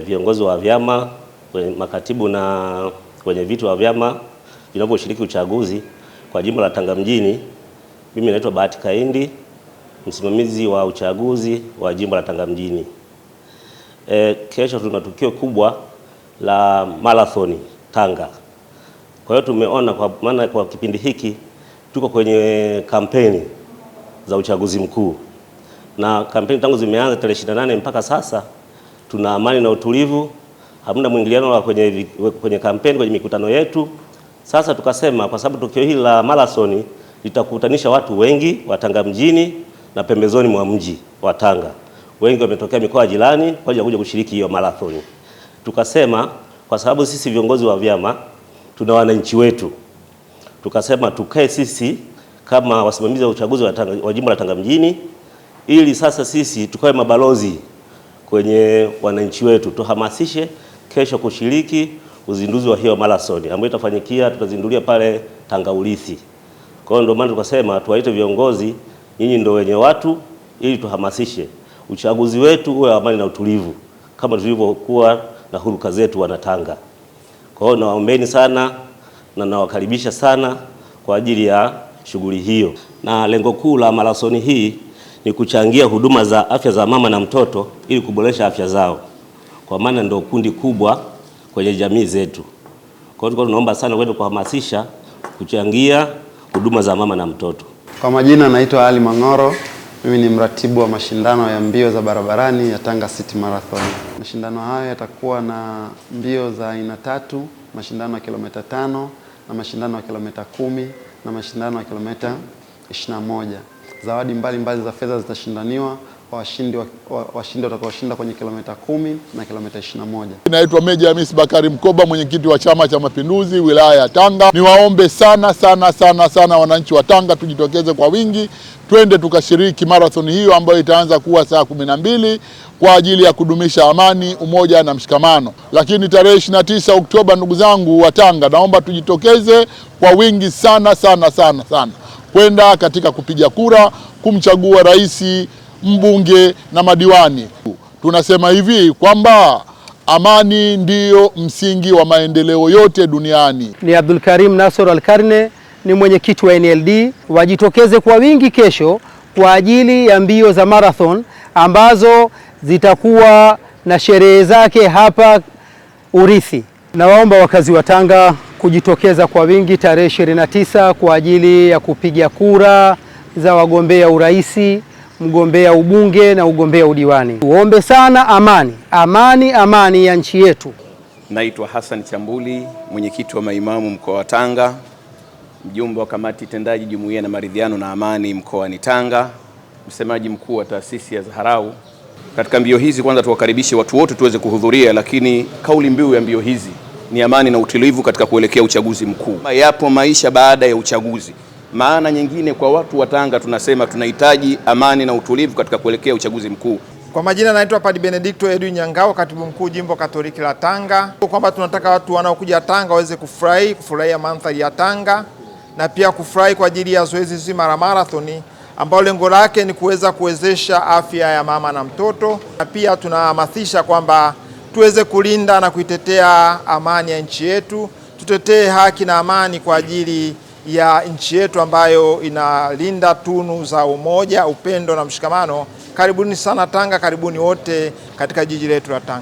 Viongozi wa vyama, makatibu na wenye vitu wa vyama vinavyoshiriki uchaguzi kwa jimbo la Tanga mjini. Mimi naitwa Bahati Kaindi, msimamizi wa uchaguzi wa jimbo la Tanga mjini. E, kesho tuna tukio kubwa la marathoni Tanga. Kwa hiyo tumeona kwa maana kwa kipindi hiki tuko kwenye kampeni za uchaguzi mkuu, na kampeni tangu zimeanza tarehe 28 mpaka sasa tuna amani na utulivu, hamna mwingiliano wa kwenye, kwenye kampeni, kwenye mikutano yetu. Sasa tukasema kwa sababu tukio hili la marathoni litakutanisha watu wengi wa Tanga mjini na pembezoni mwa mji wa Tanga, wengi wametokea mikoa jirani kwa ajili ya kuja kushiriki hiyo marathoni. Tukasema kwa sababu sisi viongozi wa vyama tuna wananchi wetu, tukasema tukae sisi kama wasimamizi wa uchaguzi wa, wa jimbo la Tanga mjini ili sasa sisi tukawe mabalozi kwenye wananchi wetu, tuhamasishe kesho kushiriki uzinduzi wa hiyo marathon ambayo itafanyikia, tutazindulia pale Tangaulisi. Kwa hiyo ndio maana tukasema tuwaite viongozi, nyinyi ndio wenye watu, ili tuhamasishe uchaguzi wetu uwe amani na utulivu kama tulivyokuwa na huruka zetu Wanatanga. Kwa hiyo nawaombeni sana na nawakaribisha sana kwa ajili ya shughuli hiyo, na lengo kuu la marathon hii ni kuchangia huduma za afya za mama na mtoto ili kuboresha afya zao, kwa maana ndio kundi kubwa kwenye jamii zetu. Kwa hiyo tunaomba sana kwenda kuhamasisha kuchangia huduma za mama na mtoto. Kwa majina naitwa Ali Mang'oro, mimi ni mratibu wa mashindano ya mbio za barabarani ya Tanga City Marathon. Mashindano hayo yatakuwa na mbio za aina tatu, mashindano ya kilomita tano na mashindano ya kilomita kumi na mashindano ya kilomita ishirini na moja. Zawadi mbalimbali za fedha zitashindaniwa kwa washindi washindi watakaoshinda kwenye kilomita kumi na kilomita 21. Naitwa Meja Hamis Bakari Mkoba, mwenyekiti wa Chama cha Mapinduzi wilaya ya Tanga. Niwaombe sana sana sana sana wananchi wa Tanga tujitokeze kwa wingi, twende tukashiriki marathoni hiyo ambayo itaanza kuwa saa kumi na mbili kwa ajili ya kudumisha amani, umoja na mshikamano. Lakini tarehe 29 Oktoba, ndugu zangu wa Tanga, naomba tujitokeze kwa wingi sana sana sana sana kwenda katika kupiga kura kumchagua rais, mbunge na madiwani. Tunasema hivi kwamba amani ndiyo msingi wa maendeleo yote duniani. Ni Abdul Karim Nasor Al-Karne, ni mwenyekiti wa NLD. Wajitokeze kwa wingi kesho kwa ajili ya mbio za marathon ambazo zitakuwa na sherehe zake hapa Urithi. Nawaomba wakazi wa Tanga kujitokeza kwa wingi tarehe 29 kwa ajili ya kupiga kura za wagombea uraisi, mgombea ubunge na ugombea udiwani. Tuombe sana amani, amani, amani ya nchi yetu. Naitwa Hassan Chambuli, mwenyekiti wa maimamu mkoa wa Tanga, mjumbe wa kamati tendaji jumuiya na maridhiano na amani mkoani Tanga, msemaji mkuu wa taasisi ya Zaharau. Katika mbio hizi, kwanza tuwakaribishe watu wote tuweze kuhudhuria, lakini kauli mbiu ya mbio hizi ni amani na utulivu katika kuelekea uchaguzi mkuu. Yapo maisha baada ya uchaguzi. Maana nyingine kwa watu wa Tanga tunasema tunahitaji amani na utulivu katika kuelekea uchaguzi mkuu. Kwa majina naitwa Padi Benedicto Edwin Nyangao, katibu mkuu jimbo Katoliki la Tanga, kwamba tunataka watu wanaokuja Tanga waweze kufurahi, kufurahia mandhari ya Tanga na pia kufurahi kwa ajili ya zoezi zima la marathoni ambalo lengo lake ni kuweza kuwezesha afya ya mama na mtoto, na pia tunahamasisha kwamba tuweze kulinda na kuitetea amani ya nchi yetu, tutetee haki na amani kwa ajili ya nchi yetu ambayo inalinda tunu za umoja, upendo na mshikamano. Karibuni sana Tanga, karibuni wote katika jiji letu la Tanga.